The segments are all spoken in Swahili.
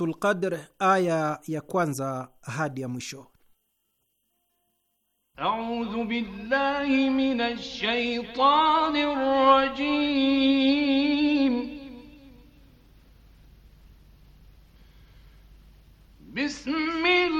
Suratul Qadr aya ya kwanza hadi ya mwisho. A'udhu billahi minash shaitanir rajim. Bismillah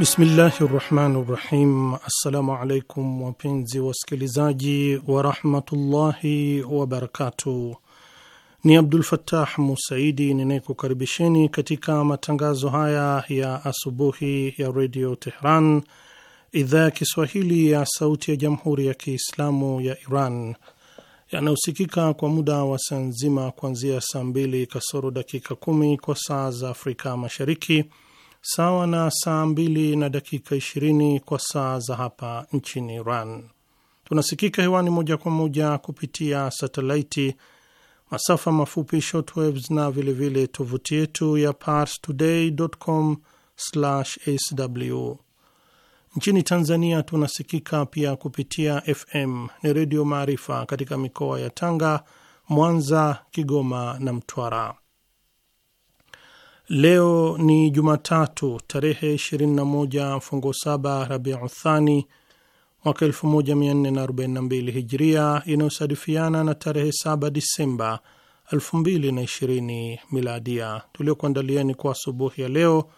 Bismillahi rahmani rahim. Assalamu alaikum wapenzi wasikilizaji warahmatullahi wabarakatuh. Ni Abdul Fattah Musaidi ninayekukaribisheni katika matangazo haya ya asubuhi ya redio Tehran, idhaa ya Kiswahili ya sauti ya jamhuri ya Kiislamu ya Iran, yanayosikika kwa muda wa saa nzima kuanzia saa mbili kasoro dakika kumi kwa saa za Afrika Mashariki, sawa na saa mbili na dakika 20 kwa saa za hapa nchini Iran. Tunasikika hewani moja kwa moja kupitia satelaiti, masafa mafupi shortwaves na vilevile tovuti yetu ya pars today com sw Nchini Tanzania tunasikika pia kupitia FM ni Redio Maarifa katika mikoa ya Tanga, Mwanza, Kigoma na Mtwara. Leo ni Jumatatu tarehe 21 mfungo 7 Rabiu Thani mwaka 1442 Hijria, inayosadifiana na tarehe 7 Disemba 2020 Miladia. Tuliokuandalieni kwa asubuhi ya leo,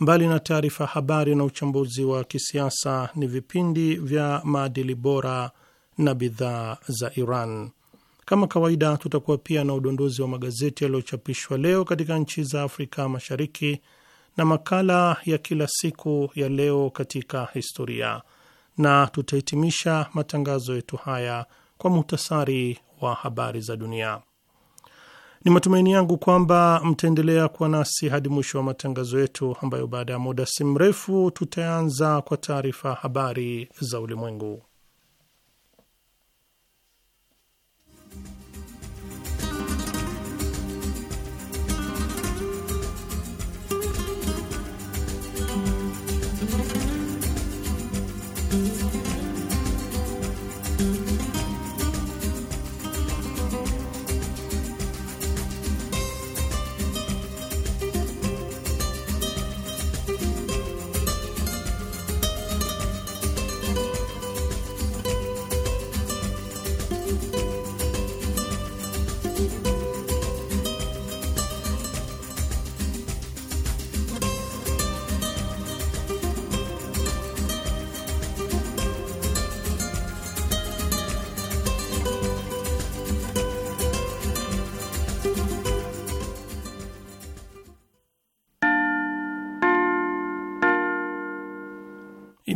mbali na taarifa habari na uchambuzi wa kisiasa, ni vipindi vya maadili bora na bidhaa za Iran. Kama kawaida, tutakuwa pia na udondozi wa magazeti yaliyochapishwa leo katika nchi za Afrika Mashariki na makala ya kila siku ya leo katika historia, na tutahitimisha matangazo yetu haya kwa muhtasari wa habari za dunia. Ni matumaini yangu kwamba mtaendelea kuwa nasi hadi mwisho wa matangazo yetu, ambayo baada ya muda si mrefu tutaanza kwa taarifa habari za ulimwengu.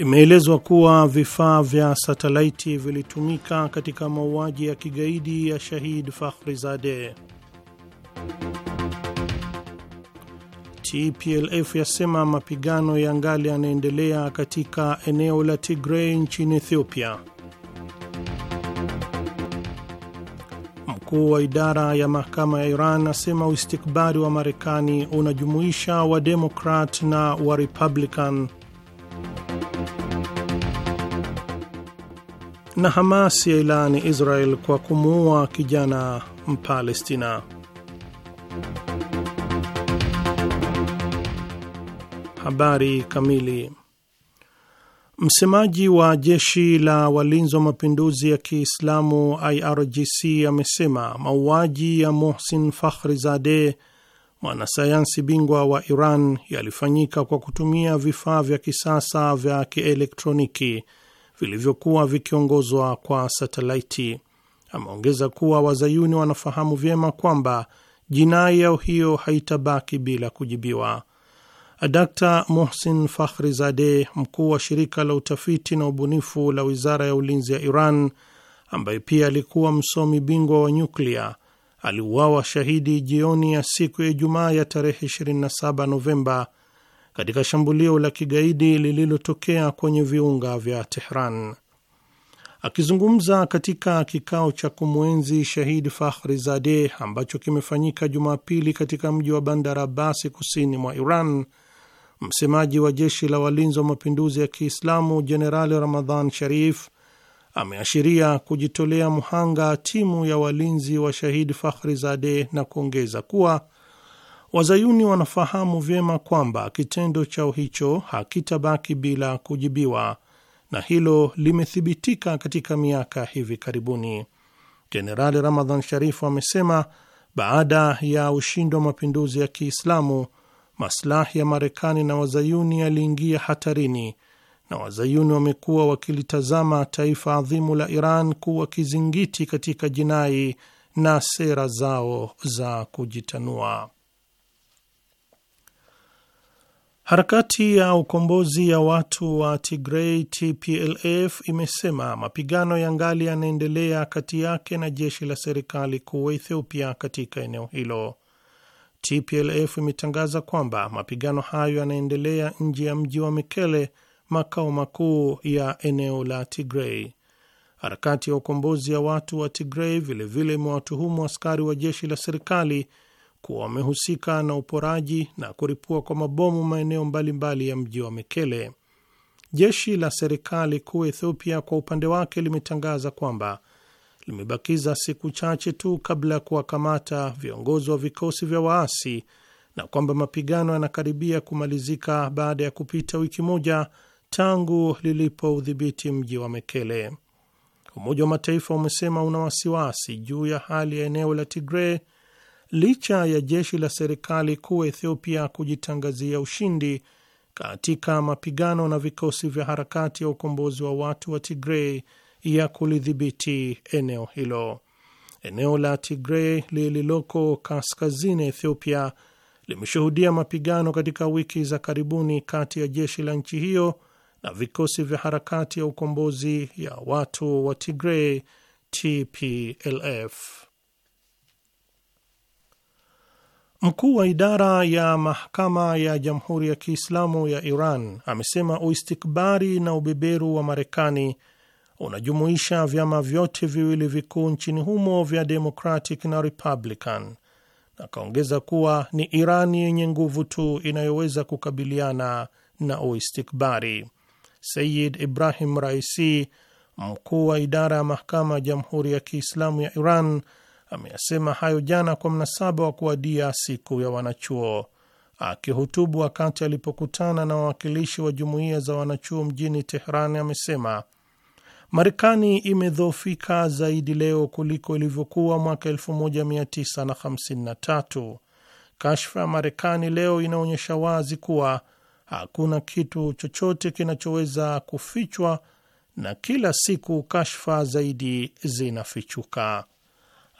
Imeelezwa kuwa vifaa vya satelaiti vilitumika katika mauaji ya kigaidi ya Shahid zade TPLF yasema mapigano ya ngali yanaendelea katika eneo la tigrei nchini Ethiopia. Mkuu wa idara ya mahakama ya Iran asema uistikbari wa Marekani unajumuisha wademokrat na wa Republican na Hamas ya ilani Israel kwa kumuua kijana Mpalestina. Habari kamili. Msemaji wa jeshi la walinzi wa mapinduzi ya Kiislamu IRGC amesema mauaji ya Mohsin Fakhrizadeh, mwanasayansi bingwa wa Iran, yalifanyika kwa kutumia vifaa vya kisasa vya kielektroniki vilivyokuwa vikiongozwa kwa satelaiti. Ameongeza kuwa wazayuni wanafahamu vyema kwamba jinai yao hiyo haitabaki bila kujibiwa. Dr Mohsin zade mkuu wa shirika la utafiti na ubunifu la wizara ya ulinzi ya Iran, ambaye pia alikuwa msomi bingwa wa nyuklia, aliuawa shahidi jioni ya siku ya Ijumaa ya tarehe 27 Novemba katika shambulio la kigaidi lililotokea kwenye viunga vya Tehran. Akizungumza katika kikao cha kumwenzi shahid Fakhri zade ambacho kimefanyika Jumapili katika mji wa Bandar Abasi kusini mwa Iran, msemaji wa jeshi la walinzi wa mapinduzi ya Kiislamu Jenerali Ramadhan Sharif ameashiria kujitolea mhanga timu ya walinzi wa shahid Fakhri zade na kuongeza kuwa Wazayuni wanafahamu vyema kwamba kitendo chao hicho hakitabaki bila kujibiwa, na hilo limethibitika katika miaka hivi karibuni. Jenerali Ramadhan Sharifu amesema baada ya ushindi wa mapinduzi ya Kiislamu, maslahi ya Marekani na wazayuni yaliingia hatarini na wazayuni wamekuwa wakilitazama taifa adhimu la Iran kuwa kizingiti katika jinai na sera zao za kujitanua. Harakati ya ukombozi ya watu wa tigrei TPLF imesema mapigano ya ngali yanaendelea kati yake na jeshi la serikali kuu wa Ethiopia katika eneo hilo. TPLF imetangaza kwamba mapigano hayo yanaendelea nje ya mji wa Mekele, makao makuu ya eneo la tigrei Harakati ya ukombozi ya watu wa tigrei vilevile imewatuhumu askari wa jeshi la serikali kuwa wamehusika na uporaji na kuripua kwa mabomu maeneo mbalimbali ya mji wa Mekele. Jeshi la serikali kuu Ethiopia kwa upande wake limetangaza kwamba limebakiza siku chache tu kabla ya kuwakamata viongozi wa vikosi vya waasi na kwamba mapigano yanakaribia kumalizika baada ya kupita wiki moja tangu lilipo udhibiti mji wa Mekele. Umoja wa Mataifa umesema una wasiwasi juu ya hali ya eneo la Tigre licha ya jeshi la serikali kuu Ethiopia kujitangazia ushindi katika mapigano na vikosi vya harakati ya ukombozi wa watu wa Tigrei ya kulidhibiti eneo hilo. Eneo la Tigrei lililoko kaskazini Ethiopia limeshuhudia mapigano katika wiki za karibuni kati ya jeshi la nchi hiyo na vikosi vya harakati ya ukombozi ya watu wa Tigrei TPLF. Mkuu wa idara ya mahakama ya Jamhuri ya Kiislamu ya Iran amesema uistikbari na ubeberu wa Marekani unajumuisha vyama vyote viwili vikuu nchini humo vya Democratic na Republican, na akaongeza kuwa ni Iran yenye nguvu tu inayoweza kukabiliana na uistikbari. Sayid Ibrahim Raisi, mkuu wa idara ya mahakama ya Jamhuri ya Kiislamu ya Iran ameyasema hayo jana kwa mnasaba wa kuadia siku ya wanachuo. Akihutubu wakati alipokutana na wawakilishi wa jumuiya za wanachuo mjini Tehran, amesema Marekani imedhoofika zaidi leo kuliko ilivyokuwa mwaka 1953. Kashfa ya Marekani leo inaonyesha wazi kuwa hakuna kitu chochote kinachoweza kufichwa na kila siku kashfa zaidi zinafichuka.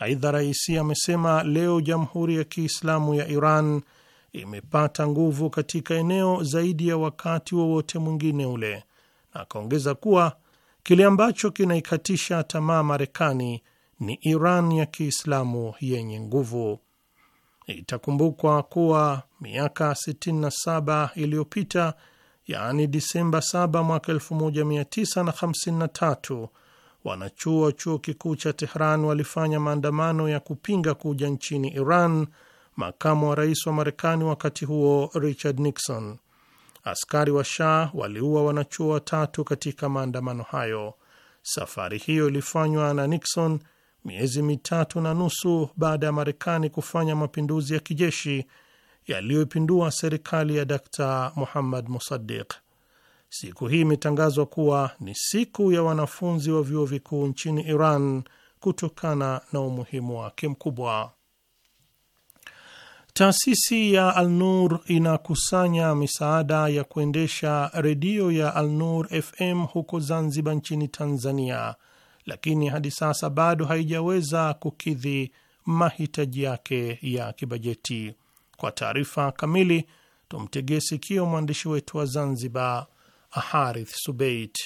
Aidha, raisi amesema leo Jamhuri ya Kiislamu ya Iran imepata nguvu katika eneo zaidi ya wakati wowote wa mwingine ule, na akaongeza kuwa kile ambacho kinaikatisha tamaa Marekani ni Iran ya Kiislamu yenye nguvu. Itakumbukwa kuwa miaka 67 iliyopita, yaani Disemba 7 mwaka 1953 wanachuo chuo kikuu cha Tehran walifanya maandamano ya kupinga kuja nchini Iran makamu wa rais wa Marekani wakati huo Richard Nixon. Askari wa Shah waliua wanachuo watatu katika maandamano hayo. Safari hiyo ilifanywa na Nixon miezi mitatu na nusu baada ya Marekani kufanya mapinduzi ya kijeshi yaliyoipindua serikali ya dkt Muhammad Musaddiq. Siku hii imetangazwa kuwa ni siku ya wanafunzi wa vyuo vikuu nchini Iran kutokana na umuhimu wake mkubwa. Taasisi ya Alnur inakusanya misaada ya kuendesha redio ya Alnur FM huko Zanzibar nchini Tanzania, lakini hadi sasa bado haijaweza kukidhi mahitaji yake ya kibajeti. Kwa taarifa kamili, tumtegee sikio mwandishi wetu wa Zanzibar Harith Subeit.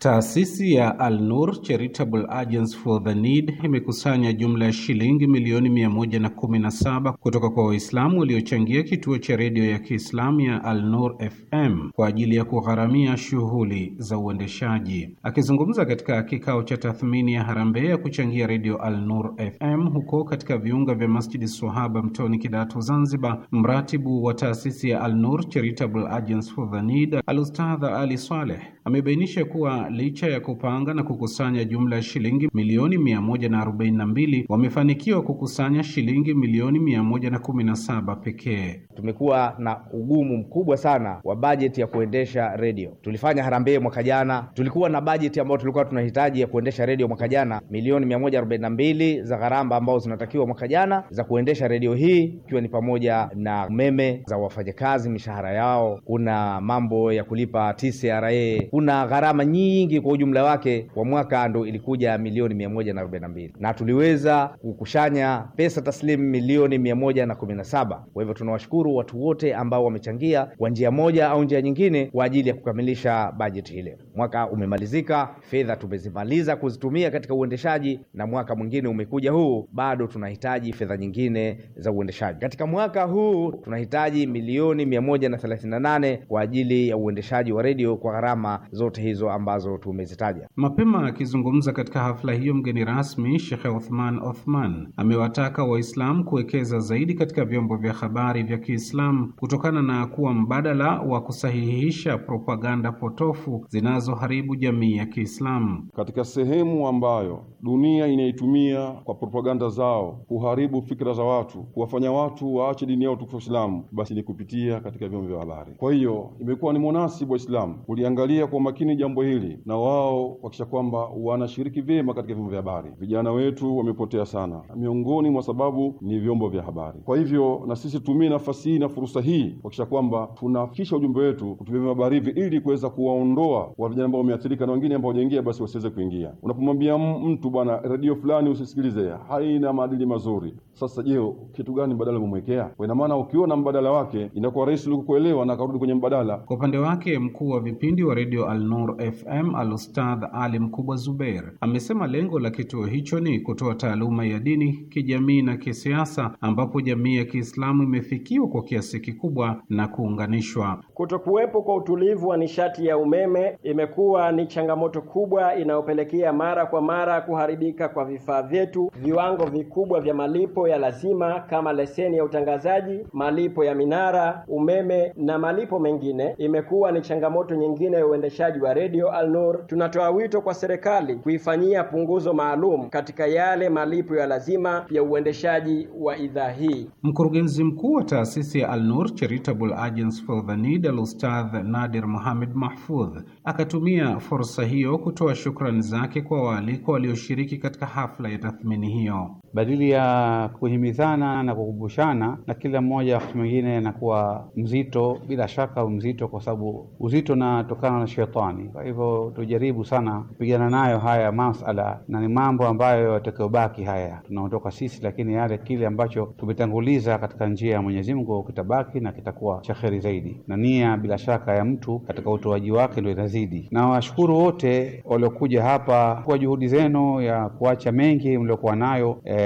Taasisi ya Al-Nur Charitable Agents for the Need imekusanya jumla ya shilingi milioni 117 kutoka kwa Waislamu waliochangia kituo cha redio ya Kiislamu ya Al-Nur FM kwa ajili ya kugharamia shughuli za uendeshaji. Akizungumza katika kikao cha tathmini ya harambee ya kuchangia redio Al-Nur FM huko katika viunga vya Masjidi suhaba Mtoni Kidatu Zanzibar, mratibu wa taasisi ya Al-Nur Charitable Agents for the Need Alustadha Ali Saleh amebainisha kuwa licha ya kupanga na kukusanya jumla ya shilingi milioni 142 wamefanikiwa kukusanya shilingi milioni 117 pekee. Tumekuwa na ugumu mkubwa sana wa bajeti ya kuendesha redio. Tulifanya harambee mwaka jana, tulikuwa na bajeti ambayo tulikuwa tunahitaji ya kuendesha redio mwaka jana milioni 142 za gharama ambazo zinatakiwa mwaka jana za kuendesha redio hii, ikiwa ni pamoja na umeme za wafanyakazi, mishahara yao, kuna mambo ya kulipa TCRA kuna gharama nyingi kwa ujumla wake kwa mwaka ndo ilikuja milioni 142 na tuliweza kukushanya pesa taslimu milioni 117. Kwa hivyo tunawashukuru watu wote ambao wamechangia kwa njia moja au njia nyingine kwa ajili ya kukamilisha bajeti ile. Mwaka umemalizika, fedha tumezimaliza kuzitumia katika uendeshaji, na mwaka mwingine umekuja huu, bado tunahitaji fedha nyingine za uendeshaji. Katika mwaka huu tunahitaji milioni 138 kwa ajili ya uendeshaji wa redio kwa gharama zote hizo ambazo tumezitaja. Mapema akizungumza katika hafla hiyo, mgeni rasmi Shekhe Uthman Othman amewataka Waislamu kuwekeza zaidi katika vyombo vya habari vya Kiislamu kutokana na kuwa mbadala wa kusahihisha propaganda potofu zinazoharibu jamii ya Kiislamu katika sehemu ambayo dunia inaitumia kwa propaganda zao kuharibu fikra za watu, kuwafanya watu waache dini yao tukufu islamu basi ni kupitia katika vyombo vya habari. Kwa hiyo imekuwa ni munasibu Islamu kuliangalia kwa makini jambo hili na wao kuhakikisha kwamba wanashiriki vyema katika vyombo vya habari. Vijana wetu wamepotea sana, miongoni mwa sababu ni vyombo vya habari. Kwa hivyo na sisi tumie nafasi hii na fursa hii kuhakikisha kwamba tunafikisha ujumbe wetu kutumia vyombo vya habari hivi, ili kuweza kuwaondoa wa vijana ambao wameathirika na wengine ambao hawajaingia, basi wasiweze kuingia. Unapomwambia mtu bwana, redio fulani usisikilize, haina maadili mazuri, sasa je, kitu gani mbadala umemwekea? Kwa ina maana ukiona mbadala wake inakuwa rahisi kukuelewa na akarudi kwenye mbadala. Kwa upande wake, mkuu wa vipindi wa redio Al-Nur FM Al-Ustadh Ali Mkubwa Zubeir amesema lengo la kituo hicho ni kutoa taaluma ya dini, kijamii na kisiasa, ambapo jamii ya Kiislamu imefikiwa kwa kiasi kikubwa na kuunganishwa. Kutokuwepo kwa utulivu wa nishati ya umeme imekuwa ni changamoto kubwa inayopelekea mara kwa mara kuharibika kwa vifaa vyetu, viwango vikubwa vya malipo ya lazima kama leseni ya utangazaji, malipo ya minara, umeme na malipo mengine imekuwa ni changamoto nyingine ya uendeshaji wa redio Al-Nur. Tunatoa wito kwa serikali kuifanyia punguzo maalum katika yale malipo ya lazima ya uendeshaji wa idhaa hii. Mkurugenzi mkuu wa taasisi ya Al-Nur Charitable Agents for the Need Al-Ustadh Nadir Mohamed Mahfudh akatumia fursa hiyo kutoa shukrani zake kwa waalikwa walioshiriki katika hafla ya tathmini hiyo badili ya kuhimizana na kukumbushana, na kila mmoja wakati mwingine anakuwa mzito, bila shaka mzito, kwa sababu uzito unatokana na shetani. Kwa hivyo tujaribu sana kupigana nayo haya masala, na ni mambo ambayo yatakayobaki haya tunaondoka sisi, lakini yale kile ambacho tumetanguliza katika njia ya Mwenyezi Mungu kitabaki na kitakuwa cha kheri zaidi, na nia bila shaka ya mtu katika utoaji wake ndio inazidi. Na washukuru wote waliokuja hapa kwa juhudi zenu ya kuacha mengi mliokuwa nayo eh,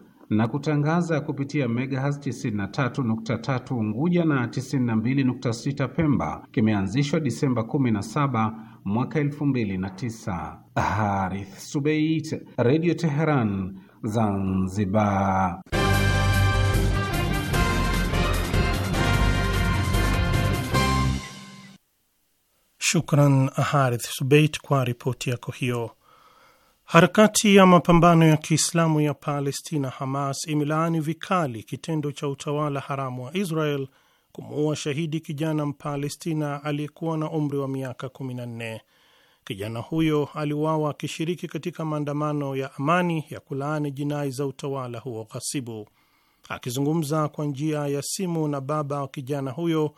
na kutangaza kupitia megahertz 93.3 Unguja na 92.6 Pemba. Kimeanzishwa Disemba 17 mwaka 2009. Harith Subeit, Radio Teheran, Zanzibar. Shukran Harith Subeit kwa ripoti yako hiyo. Harakati ya mapambano ya Kiislamu ya Palestina, Hamas, imelaani vikali kitendo cha utawala haramu wa Israel kumuua shahidi kijana Mpalestina aliyekuwa na umri wa miaka 14. Kijana huyo aliuawa akishiriki katika maandamano ya amani ya kulaani jinai za utawala huo ghasibu. Akizungumza kwa njia ya simu na baba wa kijana huyo,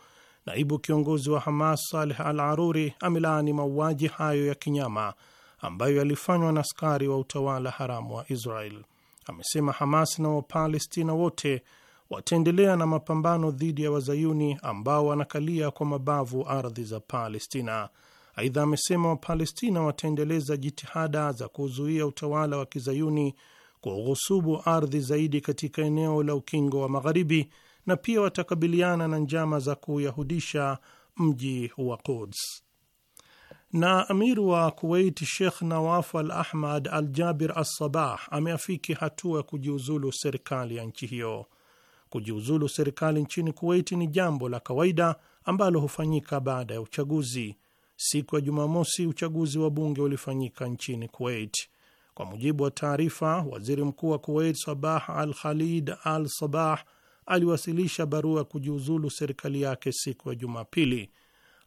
naibu kiongozi wa Hamas Saleh Al Aruri amelaani mauaji hayo ya kinyama ambayo yalifanywa na askari wa utawala haramu wa Israel. Amesema Hamas na Wapalestina wote wataendelea na mapambano dhidi ya wazayuni ambao wanakalia kwa mabavu ardhi za Palestina. Aidha, amesema Wapalestina wataendeleza jitihada za kuzuia utawala wa kizayuni kughusubu ardhi zaidi katika eneo la ukingo wa Magharibi, na pia watakabiliana na njama za kuyahudisha mji wa Quds na amir wa Kuwait Sheikh Nawaf Al Ahmad Al Jabir al sabah ameafiki hatua ya kujiuzulu serikali ya nchi hiyo. Kujiuzulu serikali nchini Kuwait ni jambo la kawaida ambalo hufanyika baada ya uchaguzi. Siku ya Jumamosi, uchaguzi wa bunge ulifanyika nchini Kuwait. Kwa mujibu wa taarifa, waziri mkuu wa Kuwait Sabah Al Khalid Al Sabah aliwasilisha barua ya kujiuzulu serikali yake siku ya Jumapili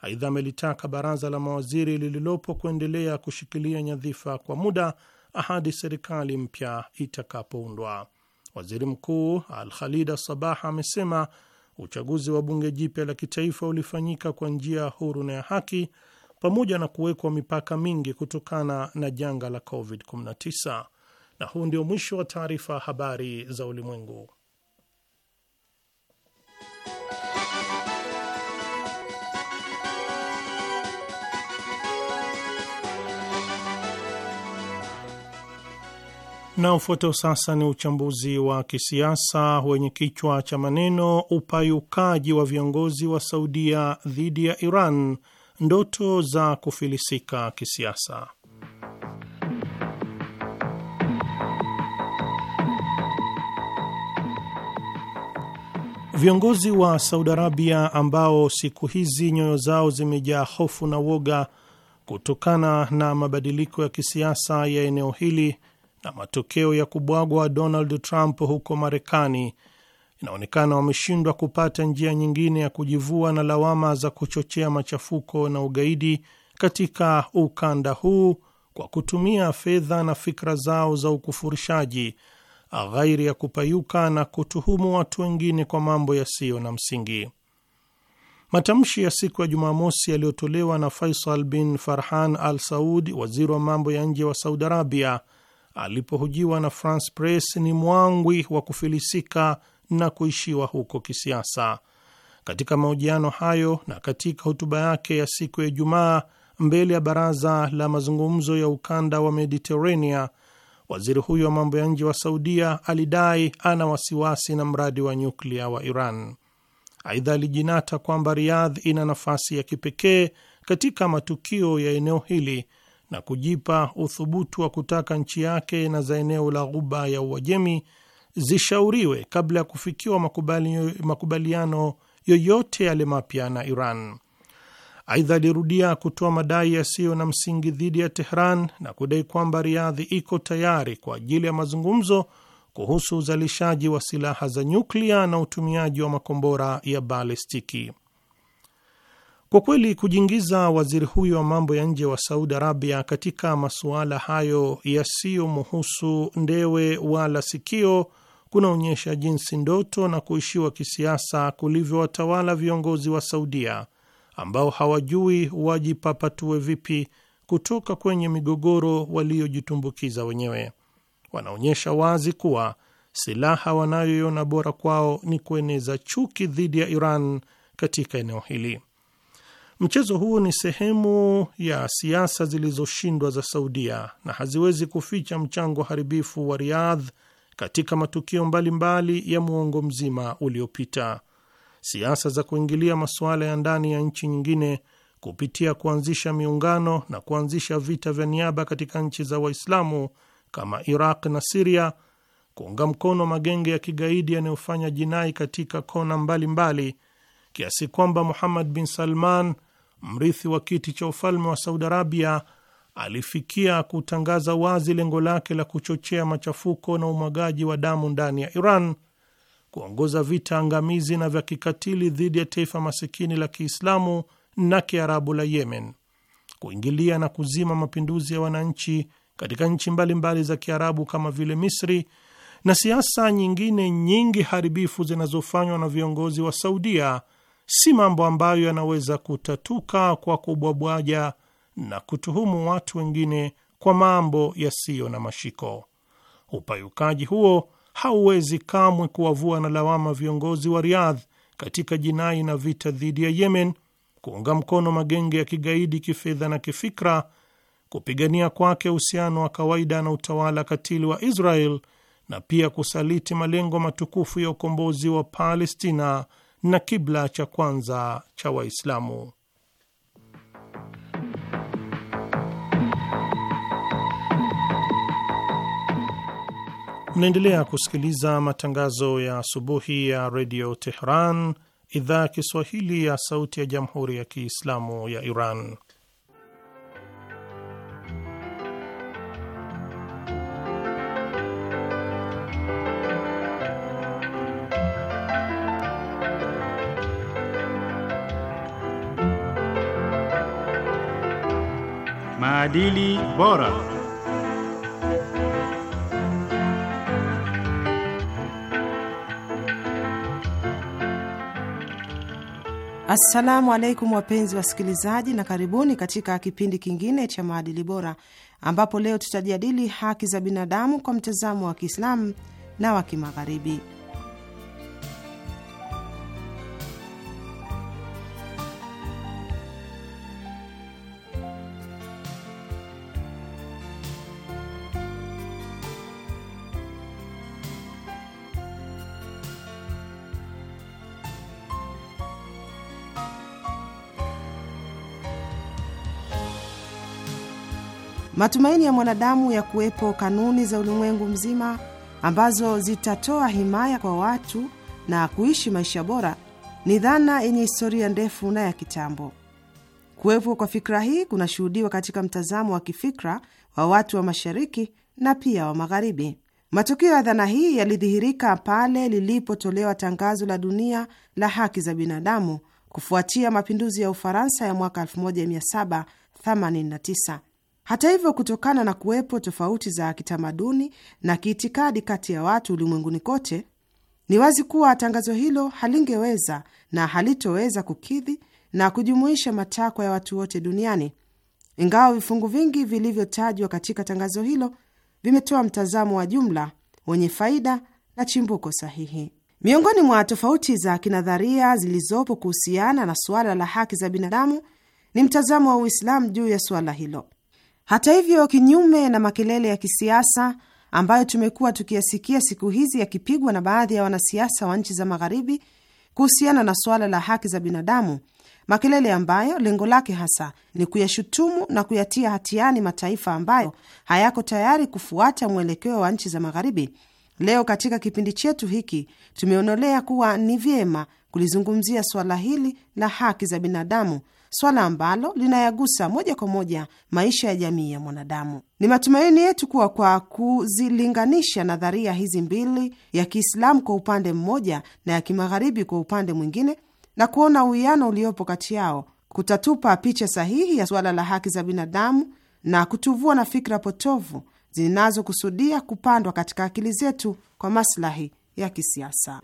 Aidha, amelitaka baraza la mawaziri lililopo kuendelea kushikilia nyadhifa kwa muda ahadi serikali mpya itakapoundwa. Waziri Mkuu Al Khalida Sabah amesema uchaguzi wa bunge jipya la kitaifa ulifanyika kwa njia huru na ya haki pamoja na kuwekwa mipaka mingi kutokana na janga la COVID-19. Na huu ndio mwisho wa taarifa habari za ulimwengu. Na ufuatao sasa ni uchambuzi wa kisiasa wenye kichwa cha maneno upayukaji wa viongozi wa Saudia dhidi ya Iran, ndoto za kufilisika kisiasa. Viongozi wa Saudi Arabia ambao siku hizi nyoyo zao zimejaa hofu na woga kutokana na mabadiliko ya kisiasa ya eneo hili na matokeo ya kubwagwa Donald Trump huko Marekani, inaonekana wameshindwa kupata njia nyingine ya kujivua na lawama za kuchochea machafuko na ugaidi katika ukanda huu kwa kutumia fedha na fikra zao za ukufurishaji, ghairi ya kupayuka na kutuhumu watu wengine kwa mambo yasiyo na msingi. Matamshi ya siku ya Jumamosi yaliyotolewa na Faisal bin Farhan Al Saud, waziri wa mambo ya nje wa Saudi Arabia, alipohojiwa na France Press ni mwangwi wa kufilisika na kuishiwa huko kisiasa. Katika mahojiano hayo na katika hotuba yake ya siku ya Ijumaa mbele ya baraza la mazungumzo ya ukanda wa Mediterania, waziri huyo wa mambo ya nje wa Saudia alidai ana wasiwasi na mradi wa nyuklia wa Iran. Aidha, alijinata kwamba Riyadh ina nafasi ya kipekee katika matukio ya eneo hili na kujipa uthubutu wa kutaka nchi yake na za eneo la Ghuba ya Uajemi zishauriwe kabla ya kufikiwa makubali, makubaliano yoyote yale mapya na Iran. Aidha, alirudia kutoa madai yasiyo na msingi dhidi ya Tehran na kudai kwamba Riadhi iko tayari kwa ajili ya mazungumzo kuhusu uzalishaji wa silaha za nyuklia na utumiaji wa makombora ya balistiki. Kwa kweli kujiingiza waziri huyo wa mambo ya nje wa Saudi Arabia katika masuala hayo yasiyomuhusu ndewe wala sikio kunaonyesha jinsi ndoto na kuishiwa kisiasa kulivyowatawala viongozi wa Saudia ambao hawajui wajipapatue vipi kutoka kwenye migogoro waliojitumbukiza wenyewe. Wanaonyesha wazi kuwa silaha wanayoiona bora kwao ni kueneza chuki dhidi ya Iran katika eneo hili. Mchezo huu ni sehemu ya siasa zilizoshindwa za Saudia na haziwezi kuficha mchango haribifu wa Riyadh katika matukio mbalimbali mbali ya muongo mzima uliopita. Siasa za kuingilia masuala ya ndani ya nchi nyingine kupitia kuanzisha miungano na kuanzisha vita vya niaba katika nchi za Waislamu kama Iraq na Siria, kuunga mkono magenge ya kigaidi yanayofanya jinai katika kona mbalimbali mbali, kiasi kwamba Muhammad bin Salman mrithi wa kiti cha ufalme wa Saudi Arabia alifikia kutangaza wazi lengo lake la kuchochea machafuko na umwagaji wa damu ndani ya Iran, kuongoza vita angamizi na vya kikatili dhidi ya taifa masikini la Kiislamu na Kiarabu la Yemen, kuingilia na kuzima mapinduzi ya wananchi katika nchi mbalimbali za Kiarabu kama vile Misri na siasa nyingine nyingi haribifu zinazofanywa na viongozi wa Saudia si mambo ambayo yanaweza kutatuka kwa kubwabwaja na kutuhumu watu wengine kwa mambo yasiyo na mashiko. Upayukaji huo hauwezi kamwe kuwavua na lawama viongozi wa Riyadh katika jinai na vita dhidi ya Yemen, kuunga mkono magenge ya kigaidi kifedha na kifikra, kupigania kwake uhusiano wa kawaida na utawala katili wa Israel na pia kusaliti malengo matukufu ya ukombozi wa Palestina na kibla cha kwanza cha Waislamu. Mnaendelea kusikiliza matangazo ya asubuhi ya redio Tehran, idhaa ya Kiswahili ya sauti ya jamhuri ya Kiislamu ya Iran. Maadili Bora. Assalamu alaikum wapenzi wasikilizaji, na karibuni katika kipindi kingine cha maadili bora, ambapo leo tutajadili haki za binadamu kwa mtazamo wa Kiislamu na wa Kimagharibi. Matumaini ya mwanadamu ya kuwepo kanuni za ulimwengu mzima ambazo zitatoa himaya kwa watu na kuishi maisha bora ni dhana yenye historia ndefu na ya kitambo. Kuwepo kwa fikra hii kunashuhudiwa katika mtazamo wa kifikra wa watu wa mashariki na pia wa magharibi. Matukio ya dhana hii yalidhihirika pale lilipotolewa tangazo la dunia la haki za binadamu kufuatia mapinduzi ya Ufaransa ya mwaka 1789 hata hivyo, kutokana na kuwepo tofauti za kitamaduni na kiitikadi kati ya watu ulimwenguni kote, ni wazi kuwa tangazo hilo halingeweza na halitoweza kukidhi na kujumuisha matakwa ya watu wote duniani, ingawa vifungu vingi vilivyotajwa katika tangazo hilo vimetoa mtazamo wa jumla wenye faida na chimbuko sahihi. Miongoni mwa tofauti za kinadharia zilizopo kuhusiana na suala la haki za binadamu ni mtazamo wa Uislamu juu ya suala hilo. Hata hivyo, kinyume na makelele ya kisiasa ambayo tumekuwa tukiyasikia siku hizi yakipigwa na baadhi ya wanasiasa wa nchi za Magharibi kuhusiana na suala la haki za binadamu, makelele ambayo lengo lake hasa ni kuyashutumu na kuyatia hatiani mataifa ambayo hayako tayari kufuata mwelekeo wa nchi za Magharibi. Leo katika kipindi chetu hiki tumeonelea kuwa ni vyema kulizungumzia suala hili la haki za binadamu swala ambalo linayagusa moja kwa moja maisha ya jamii ya mwanadamu. Ni matumaini yetu kuwa kwa kuzilinganisha nadharia hizi mbili, ya Kiislamu kwa upande mmoja na ya Kimagharibi kwa upande mwingine, na kuona uwiano uliopo kati yao, kutatupa picha sahihi ya suala la haki za binadamu na kutuvua na fikra potovu zinazokusudia kupandwa katika akili zetu kwa maslahi ya kisiasa.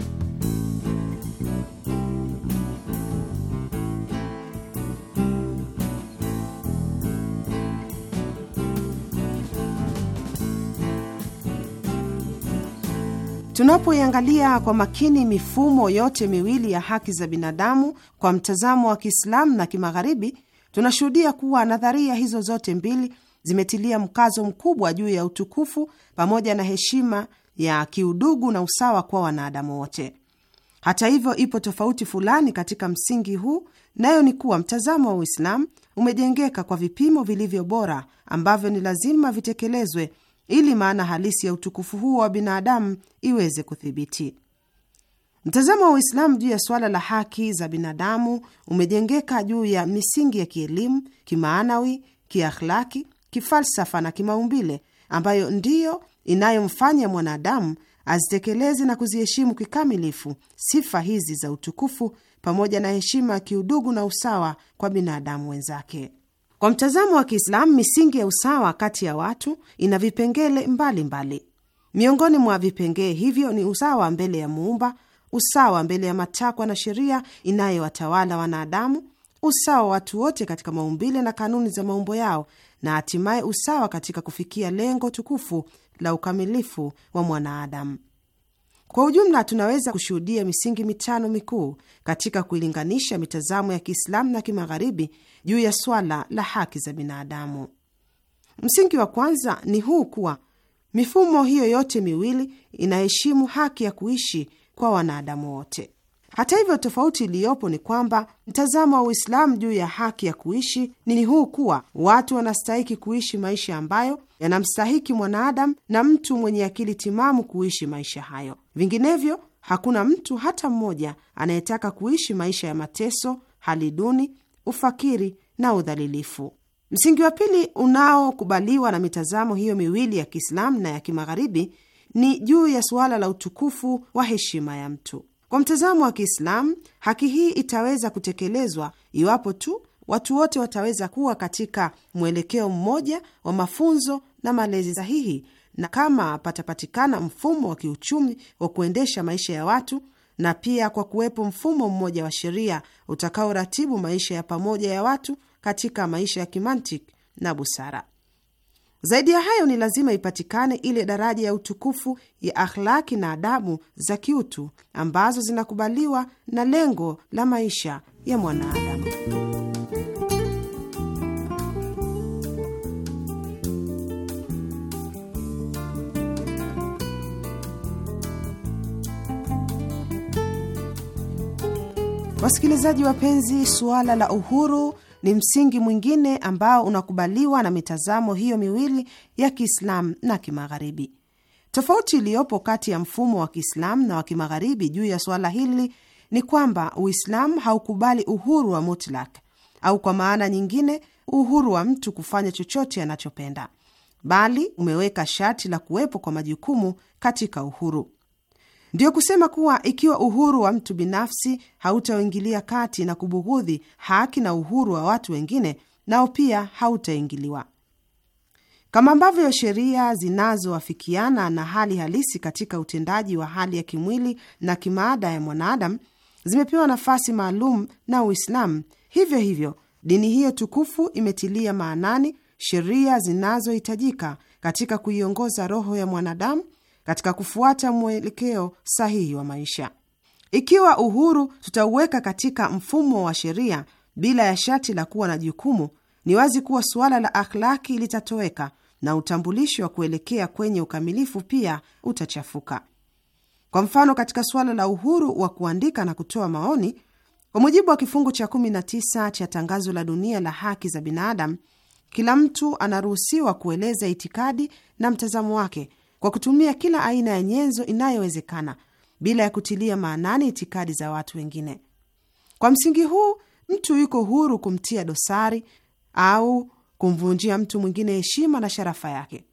Tunapoiangalia kwa makini mifumo yote miwili ya haki za binadamu kwa mtazamo wa Kiislamu na Kimagharibi, tunashuhudia kuwa nadharia hizo zote mbili zimetilia mkazo mkubwa juu ya utukufu pamoja na heshima ya kiudugu na usawa kwa wanadamu wote. Hata hivyo, ipo tofauti fulani katika msingi huu, nayo ni kuwa mtazamo wa Uislamu umejengeka kwa vipimo vilivyo bora ambavyo ni lazima vitekelezwe ili maana halisi ya utukufu huo wa binadamu iweze kuthibiti. Mtazamo wa Uislamu juu ya suala la haki za binadamu umejengeka juu ya misingi ya kielimu, kimaanawi, kiakhlaki, kifalsafa na kimaumbile ambayo ndiyo inayomfanya mwanadamu azitekeleze na kuziheshimu kikamilifu sifa hizi za utukufu pamoja na heshima ya kiudugu na usawa kwa binadamu wenzake. Kwa mtazamo wa Kiislamu, misingi ya usawa kati ya watu ina vipengele mbalimbali mbali. Miongoni mwa vipengee hivyo ni usawa mbele ya Muumba, usawa mbele ya matakwa na sheria inayowatawala wanadamu, usawa wa watu wote katika maumbile na kanuni za maumbo yao, na hatimaye usawa katika kufikia lengo tukufu la ukamilifu wa mwanadamu. Kwa ujumla, tunaweza kushuhudia misingi mitano mikuu katika kuilinganisha mitazamo ya Kiislamu na Kimagharibi juu ya swala la haki za binadamu. Msingi wa kwanza ni huu kuwa mifumo hiyo yote miwili inaheshimu haki ya kuishi kwa wanadamu wote. Hata hivyo, tofauti iliyopo ni kwamba mtazamo wa Uislamu juu ya haki ya kuishi ni huu kuwa watu wanastahiki kuishi maisha ambayo yanamstahiki mwanadamu na mtu mwenye akili timamu kuishi maisha hayo. Vinginevyo, hakuna mtu hata mmoja anayetaka kuishi maisha ya mateso, hali duni, ufakiri na udhalilifu. Msingi wa pili unaokubaliwa na mitazamo hiyo miwili ya Kiislamu na ya Kimagharibi ni juu ya suala la utukufu wa heshima ya mtu. Kwa mtazamo wa Kiislamu, haki hii itaweza kutekelezwa iwapo tu watu wote wataweza kuwa katika mwelekeo mmoja wa mafunzo na malezi sahihi, na kama patapatikana mfumo wa kiuchumi wa kuendesha maisha ya watu na pia kwa kuwepo mfumo mmoja wa sheria utakaoratibu maisha ya pamoja ya watu katika maisha ya kimantiki na busara. Zaidi ya hayo, ni lazima ipatikane ile daraja ya utukufu ya akhlaki na adabu za kiutu ambazo zinakubaliwa na lengo la maisha ya mwanadamu. Wasikilizaji wapenzi, suala la uhuru ni msingi mwingine ambao unakubaliwa na mitazamo hiyo miwili ya Kiislamu na Kimagharibi. Tofauti iliyopo kati ya mfumo wa Kiislamu na wa Kimagharibi juu ya suala hili ni kwamba Uislamu haukubali uhuru wa mutlak, au kwa maana nyingine, uhuru wa mtu kufanya chochote anachopenda, bali umeweka sharti la kuwepo kwa majukumu katika uhuru. Ndiyo kusema kuwa ikiwa uhuru wa mtu binafsi hautaingilia kati na kubughudhi haki na uhuru wa watu wengine, nao pia hautaingiliwa. Kama ambavyo sheria zinazoafikiana na hali halisi katika utendaji wa hali ya kimwili na kimaada ya mwanadamu zimepewa nafasi maalum na Uislamu, hivyo hivyo dini hiyo tukufu imetilia maanani sheria zinazohitajika katika kuiongoza roho ya mwanadamu katika kufuata mwelekeo sahihi wa maisha. Ikiwa uhuru tutauweka katika mfumo wa sheria bila ya shati la kuwa na jukumu, ni wazi kuwa suala la akhlaki litatoweka na utambulisho wa kuelekea kwenye ukamilifu pia utachafuka. Kwa mfano, katika suala la uhuru wa kuandika na kutoa maoni, kwa mujibu wa kifungu cha 19 cha Tangazo la Dunia la Haki za Binadamu, kila mtu anaruhusiwa kueleza itikadi na mtazamo wake kwa kutumia kila aina ya nyenzo inayowezekana bila ya kutilia maanani itikadi za watu wengine. Kwa msingi huu, mtu yuko huru kumtia dosari au kumvunjia mtu mwingine heshima na sharafa yake.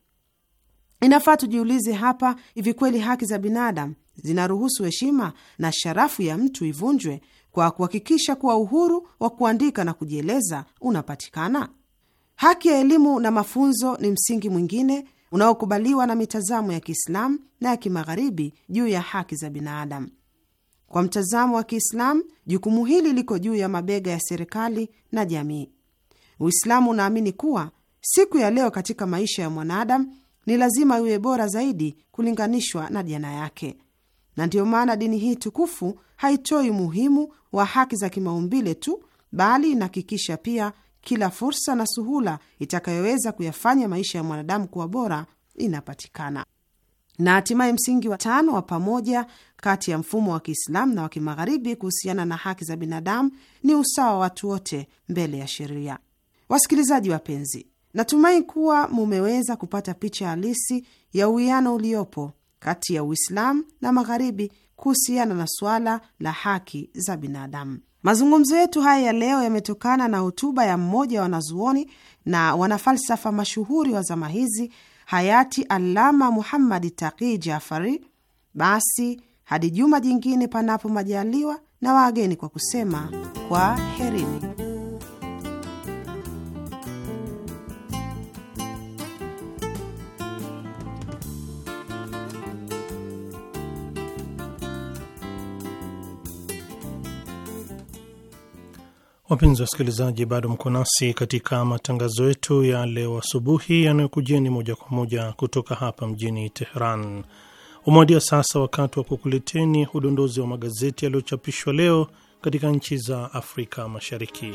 Inafaa tujiulize hapa, hivi kweli haki za binadamu zinaruhusu heshima na sharafu ya mtu ivunjwe kwa kuhakikisha kuwa uhuru wa kuandika na kujieleza unapatikana? Haki ya elimu na mafunzo ni msingi mwingine unaokubaliwa na mitazamo ya Kiislamu na ya Kimagharibi juu ya haki za binadamu. Kwa mtazamo wa Kiislamu, jukumu hili liko juu ya mabega ya serikali na jamii. Uislamu unaamini kuwa siku ya leo katika maisha ya mwanadamu ni lazima iwe bora zaidi kulinganishwa na jana yake, na ndiyo maana dini hii tukufu haitoi umuhimu wa haki za kimaumbile tu, bali inahakikisha pia kila fursa na suhula itakayoweza kuyafanya maisha ya mwanadamu kuwa bora inapatikana. Na hatimaye msingi wa tano wa pamoja kati ya mfumo wa Kiislamu na wa Kimagharibi kuhusiana na haki za binadamu ni usawa wa watu wote mbele ya sheria. Wasikilizaji wapenzi, natumai kuwa mumeweza kupata picha halisi ya uwiano uliopo kati ya Uislamu na Magharibi kuhusiana na suala la haki za binadamu. Mazungumzo yetu haya ya leo yametokana na hotuba ya mmoja wa wanazuoni na wanafalsafa mashuhuri wa zama hizi, hayati alama Muhammad Taqi Jafari. Basi hadi juma jingine, panapo majaliwa, na waageni kwa kusema kwa herini Wapenzi wasikilizaji, bado mko nasi katika matangazo yetu ya leo asubuhi yanayokujieni moja kwa moja kutoka hapa mjini Teheran. Umewadia sasa wakati wa kukuleteni udondozi wa magazeti yaliyochapishwa leo katika nchi za Afrika Mashariki.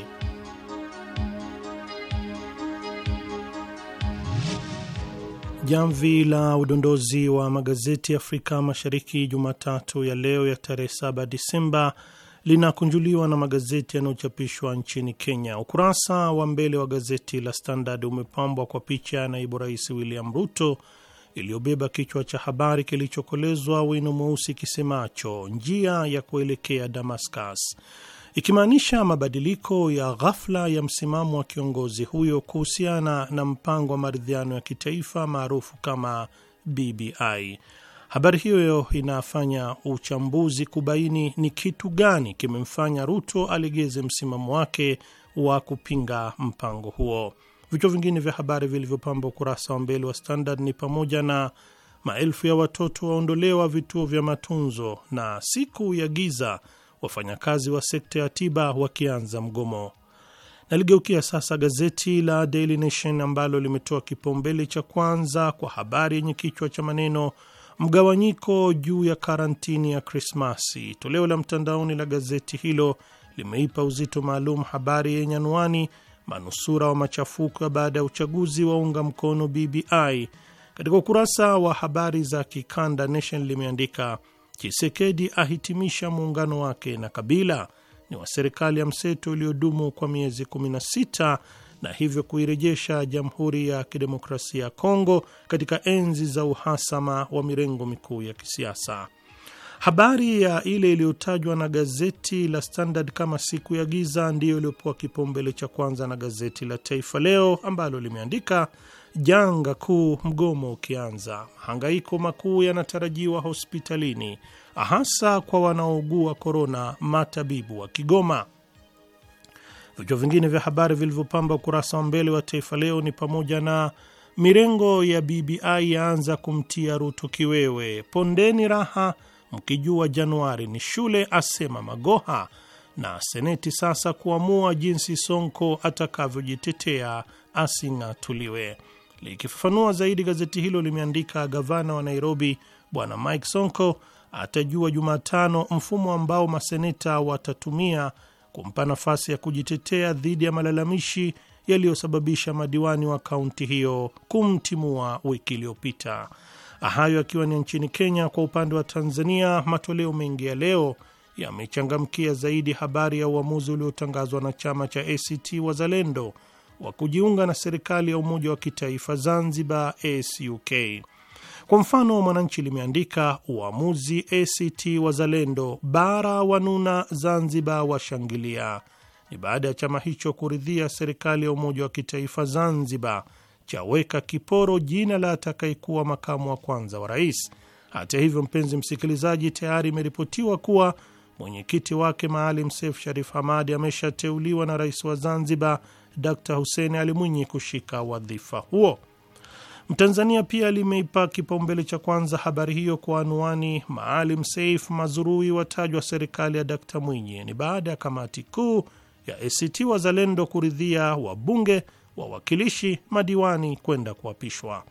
Jamvi la udondozi wa magazeti Afrika Mashariki Jumatatu ya leo ya tarehe 7 Disemba linakunjuliwa na magazeti yanayochapishwa nchini Kenya. Ukurasa wa mbele wa gazeti la Standard umepambwa kwa picha ya naibu rais William Ruto iliyobeba kichwa cha habari kilichokolezwa wino mweusi kisemacho njia ya kuelekea Damascus, ikimaanisha mabadiliko ya ghafla ya msimamo wa kiongozi huyo kuhusiana na mpango wa maridhiano ya kitaifa maarufu kama BBI. Habari hiyo inafanya uchambuzi kubaini ni kitu gani kimemfanya Ruto alegeze msimamo wake wa kupinga mpango huo. Vichwa vingine vya habari vilivyopamba ukurasa wa mbele wa Standard ni pamoja na maelfu ya watoto waondolewa vituo vya matunzo na siku ya giza, wafanyakazi wa sekta ya tiba wakianza mgomo. Naligeukia sasa gazeti la Daily Nation ambalo limetoa kipaumbele cha kwanza kwa habari yenye kichwa cha maneno mgawanyiko juu ya karantini ya Krismasi. Toleo la mtandaoni la gazeti hilo limeipa uzito maalum habari yenye anwani manusura wa machafuko baada ya uchaguzi waunga mkono BBI. Katika ukurasa wa habari za kikanda, Nation limeandika Chisekedi ahitimisha muungano wake na Kabila ni wa serikali ya mseto uliodumu kwa miezi 16 na hivyo kuirejesha Jamhuri ya Kidemokrasia ya Kongo katika enzi za uhasama wa mirengo mikuu ya kisiasa. Habari ya ile iliyotajwa na gazeti la Standard kama siku ya giza ndiyo iliyopewa kipaumbele cha kwanza na gazeti la Taifa Leo ambalo limeandika janga kuu, mgomo ukianza, mahangaiko makuu yanatarajiwa hospitalini, hasa kwa wanaougua korona, matabibu wa Kigoma. Vichwa vingine vya habari vilivyopamba ukurasa wa mbele wa Taifa Leo ni pamoja na mirengo ya BBI yaanza kumtia Ruto kiwewe, pondeni raha mkijua Januari ni shule, asema Magoha, na seneti sasa kuamua jinsi Sonko atakavyojitetea asing'atuliwe. Likifafanua zaidi, gazeti hilo limeandika gavana wa Nairobi Bwana Mike Sonko atajua Jumatano mfumo ambao maseneta watatumia kumpa nafasi ya kujitetea dhidi ya malalamishi yaliyosababisha madiwani wa kaunti hiyo kumtimua wiki iliyopita. Hayo akiwa ni nchini Kenya. Kwa upande wa Tanzania, matoleo mengi ya leo yamechangamkia zaidi habari ya uamuzi uliotangazwa na chama cha ACT Wazalendo wa kujiunga na serikali ya umoja wa kitaifa Zanzibar, SUK. Kwa mfano, Mwananchi limeandika uamuzi ACT Wazalendo bara wanuna Zanzibar washangilia. Ni baada ya chama hicho kuridhia serikali ya umoja wa kitaifa Zanzibar chaweka kiporo jina la atakayekuwa makamu wa kwanza wa rais. Hata hivyo, mpenzi msikilizaji, tayari imeripotiwa kuwa mwenyekiti wake Maalim Seif Sharif Hamad ameshateuliwa na rais wa Zanzibar Dr Hussein Ali Mwinyi kushika wadhifa huo. Mtanzania pia limeipa kipaumbele cha kwanza habari hiyo kwa anwani, Maalim Seif Mazurui watajwa serikali ya d Mwinyi. Ni baada ya kamati kuu ya ACT Wazalendo kuridhia wabunge, wawakilishi, madiwani kwenda kuapishwa.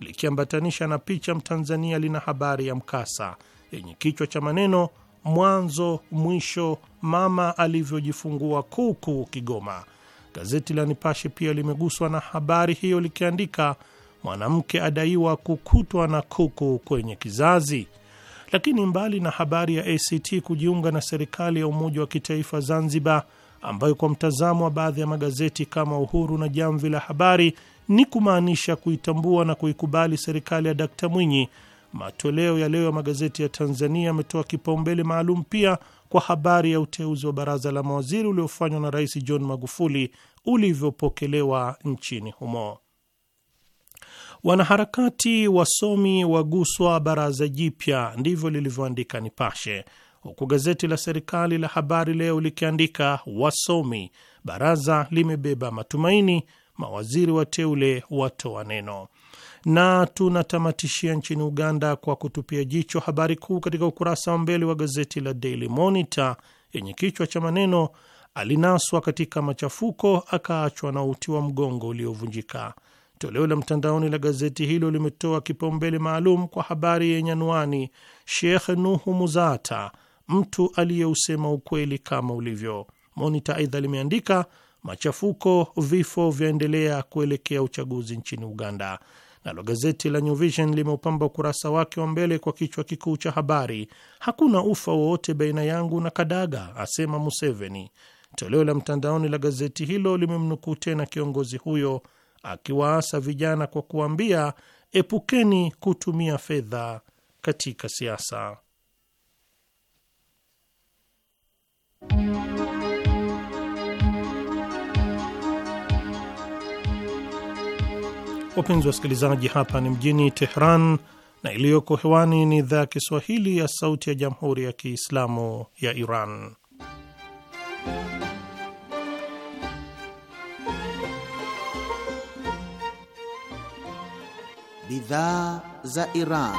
Likiambatanisha na picha, Mtanzania lina habari ya mkasa yenye kichwa cha maneno mwanzo mwisho, mama alivyojifungua kuku Kigoma. Gazeti la Nipashe pia limeguswa na habari hiyo likiandika mwanamke adaiwa kukutwa na kuku kwenye kizazi. Lakini mbali na habari ya ACT kujiunga na serikali ya umoja wa kitaifa Zanzibar, ambayo kwa mtazamo wa baadhi ya magazeti kama Uhuru na Jamvi la Habari ni kumaanisha kuitambua na kuikubali serikali ya Dkt Mwinyi, matoleo ya leo ya magazeti ya Tanzania yametoa kipaumbele maalum pia kwa habari ya uteuzi wa baraza la mawaziri uliofanywa na Rais John Magufuli ulivyopokelewa nchini humo. Wanaharakati wasomi waguswa baraza jipya, ndivyo lilivyoandika Nipashe, huku gazeti la serikali la Habari Leo likiandika wasomi baraza limebeba matumaini, mawaziri wateule watoa neno. Na tunatamatishia nchini Uganda kwa kutupia jicho habari kuu katika ukurasa wa mbele wa gazeti la Daily Monitor yenye kichwa cha maneno alinaswa katika machafuko akaachwa na uti wa mgongo uliovunjika. Toleo la mtandaoni la gazeti hilo limetoa kipaumbele maalum kwa habari yenye anwani Sheikh Nuhu Muzata, mtu aliyeusema ukweli kama ulivyo. Monita aidha limeandika machafuko, vifo vyaendelea kuelekea uchaguzi nchini Uganda. Nalo gazeti la New Vision limeupamba ukurasa wake wa mbele kwa kichwa kikuu cha habari, hakuna ufa wowote baina yangu na Kadaga, asema Museveni. Toleo la mtandaoni la gazeti hilo limemnukuu tena kiongozi huyo akiwaasa vijana kwa kuambia, epukeni kutumia fedha katika siasa. Wapenzi wasikilizaji, hapa ni mjini Tehran na iliyoko hewani ni idhaa ya Kiswahili ya Sauti ya Jamhuri ya Kiislamu ya Iran. bidhaa za Iran.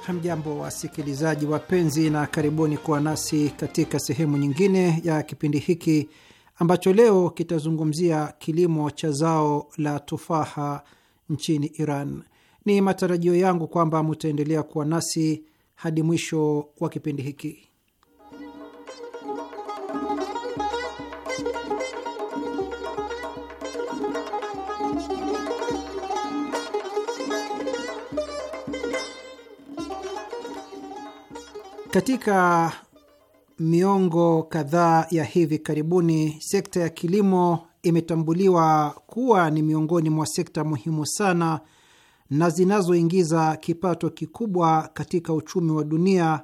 Hamjambo wasikilizaji wapenzi, na karibuni kuwa nasi katika sehemu nyingine ya kipindi hiki ambacho leo kitazungumzia kilimo cha zao la tufaha nchini Iran. Ni matarajio yangu kwamba mutaendelea kuwa nasi hadi mwisho wa kipindi hiki. Katika miongo kadhaa ya hivi karibuni, sekta ya kilimo imetambuliwa kuwa ni miongoni mwa sekta muhimu sana na zinazoingiza kipato kikubwa katika uchumi wa dunia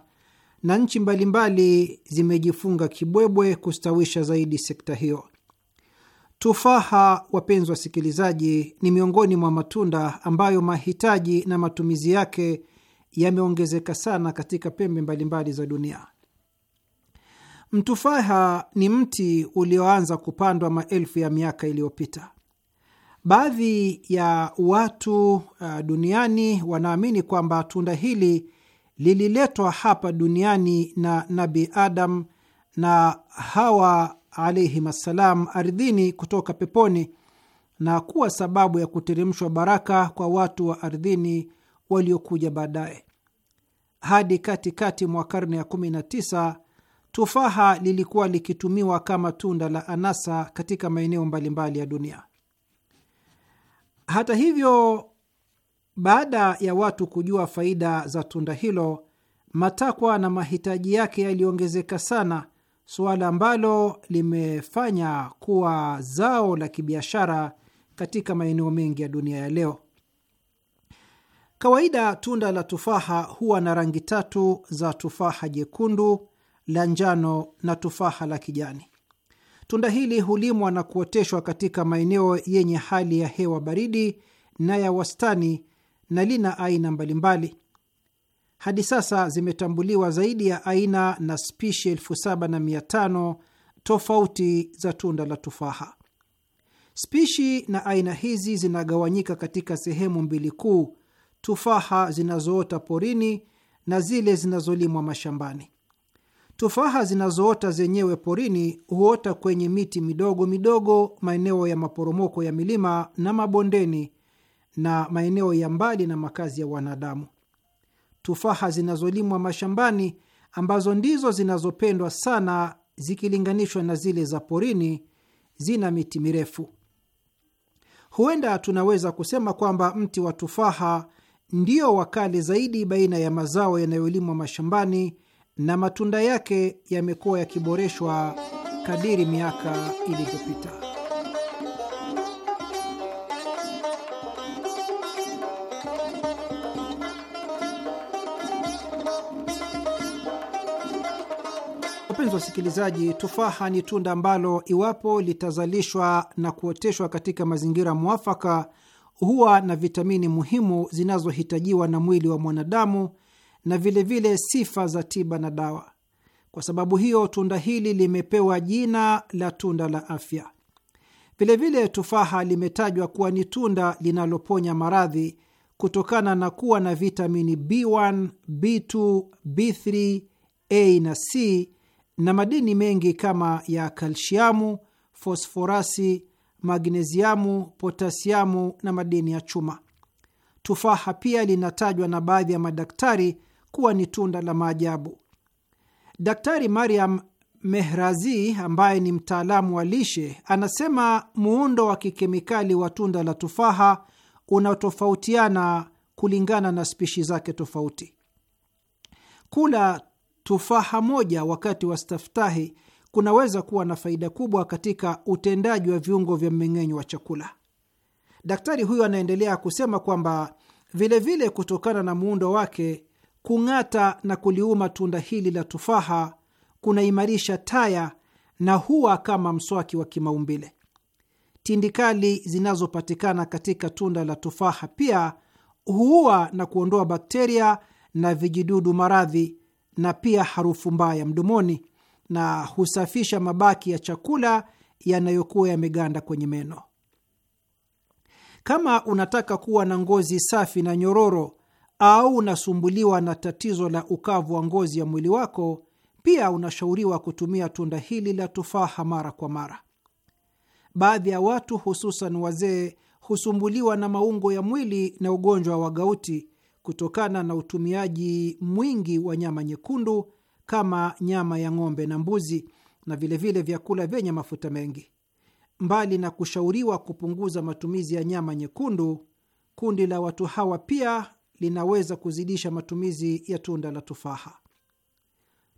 na nchi mbalimbali zimejifunga kibwebwe kustawisha zaidi sekta hiyo. Tufaha, wapenzi wasikilizaji, ni miongoni mwa matunda ambayo mahitaji na matumizi yake yameongezeka sana katika pembe mbalimbali za dunia. Mtufaha ni mti ulioanza kupandwa maelfu ya miaka iliyopita. Baadhi ya watu uh, duniani wanaamini kwamba tunda hili lililetwa hapa duniani na Nabi Adam na Hawa alaihim assalam ardhini kutoka peponi na kuwa sababu ya kuteremshwa baraka kwa watu wa ardhini waliokuja baadaye hadi katikati mwa karne ya 19 tufaha lilikuwa likitumiwa kama tunda la anasa katika maeneo mbalimbali ya dunia. Hata hivyo, baada ya watu kujua faida za tunda hilo, matakwa na mahitaji yake yaliongezeka sana, suala ambalo limefanya kuwa zao la kibiashara katika maeneo mengi ya dunia ya leo. Kawaida tunda la tufaha huwa na rangi tatu za tufaha jekundu, la njano na tufaha la kijani. Tunda hili hulimwa na kuoteshwa katika maeneo yenye hali ya hewa baridi na ya wastani na lina aina mbalimbali. Hadi sasa zimetambuliwa zaidi ya aina na spishi elfu saba na mia tano tofauti za tunda la tufaha. Spishi na aina hizi zinagawanyika katika sehemu mbili kuu tufaha zinazoota porini na zile zinazolimwa mashambani. Tufaha zinazoota zenyewe porini huota kwenye miti midogo midogo, maeneo ya maporomoko ya milima na mabondeni, na maeneo ya mbali na makazi ya wanadamu. Tufaha zinazolimwa mashambani, ambazo ndizo zinazopendwa sana zikilinganishwa na zile za porini, zina miti mirefu. Huenda tunaweza kusema kwamba mti wa tufaha ndiyo wakali zaidi baina ya mazao yanayolimwa mashambani na matunda yake yamekuwa yakiboreshwa kadiri miaka ilivyopita. Wapenzi wasikilizaji, tufaha ni tunda ambalo iwapo litazalishwa na kuoteshwa katika mazingira mwafaka huwa na vitamini muhimu zinazohitajiwa na mwili wa mwanadamu na vilevile vile sifa za tiba na dawa. Kwa sababu hiyo, tunda hili limepewa jina la tunda la afya. Vilevile tufaha limetajwa kuwa ni tunda linaloponya maradhi kutokana na kuwa na vitamini B1, B2, B3, A na C na madini mengi kama ya kalsiamu, fosforasi, magneziamu, potasiamu na madini ya chuma. Tufaha pia linatajwa na baadhi ya madaktari kuwa ni tunda la maajabu. Daktari Mariam Mehrazi ambaye ni mtaalamu wa lishe anasema muundo wa kikemikali wa tunda la tufaha unatofautiana kulingana na spishi zake tofauti. Kula tufaha moja wakati wa staftahi kunaweza kuwa na faida kubwa katika utendaji wa viungo vya mmeng'enyo wa chakula. Daktari huyo anaendelea kusema kwamba vilevile kutokana na muundo wake, kung'ata na kuliuma tunda hili la tufaha kunaimarisha taya na huwa kama mswaki wa kimaumbile. Tindikali zinazopatikana katika tunda la tufaha pia huua na kuondoa bakteria na vijidudu maradhi na pia harufu mbaya mdomoni na husafisha mabaki ya chakula yanayokuwa yameganda kwenye meno. Kama unataka kuwa na ngozi safi na nyororo au unasumbuliwa na tatizo la ukavu wa ngozi ya mwili wako, pia unashauriwa kutumia tunda hili la tufaha mara kwa mara. Baadhi ya watu hususan wazee husumbuliwa na maungo ya mwili na ugonjwa wa gauti kutokana na utumiaji mwingi wa nyama nyekundu kama nyama ya ng'ombe na mbuzi na vilevile vile vyakula vyenye mafuta mengi. Mbali na kushauriwa kupunguza matumizi ya nyama nyekundu, kundi la watu hawa pia linaweza kuzidisha matumizi ya tunda la tufaha.